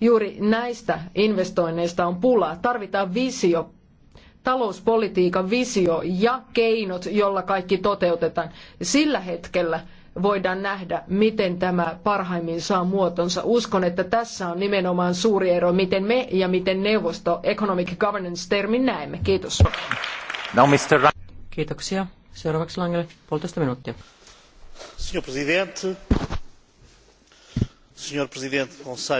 Juuri näistä investoinneista on pulaa. Tarvitaan visio, talouspolitiikan visio ja keinot, jolla kaikki toteutetaan. Sillä hetkellä voidaan nähdä, miten tämä parhaimmin saa muotonsa. Uskon, että tässä on nimenomaan suuri ero, miten me ja miten neuvosto economic governance-termin näemme. Kiitos. No, Mr. Kiitoksia. Seuraavaksi Langelle puolitoista minuuttia. Signor Presidente, signor Presidente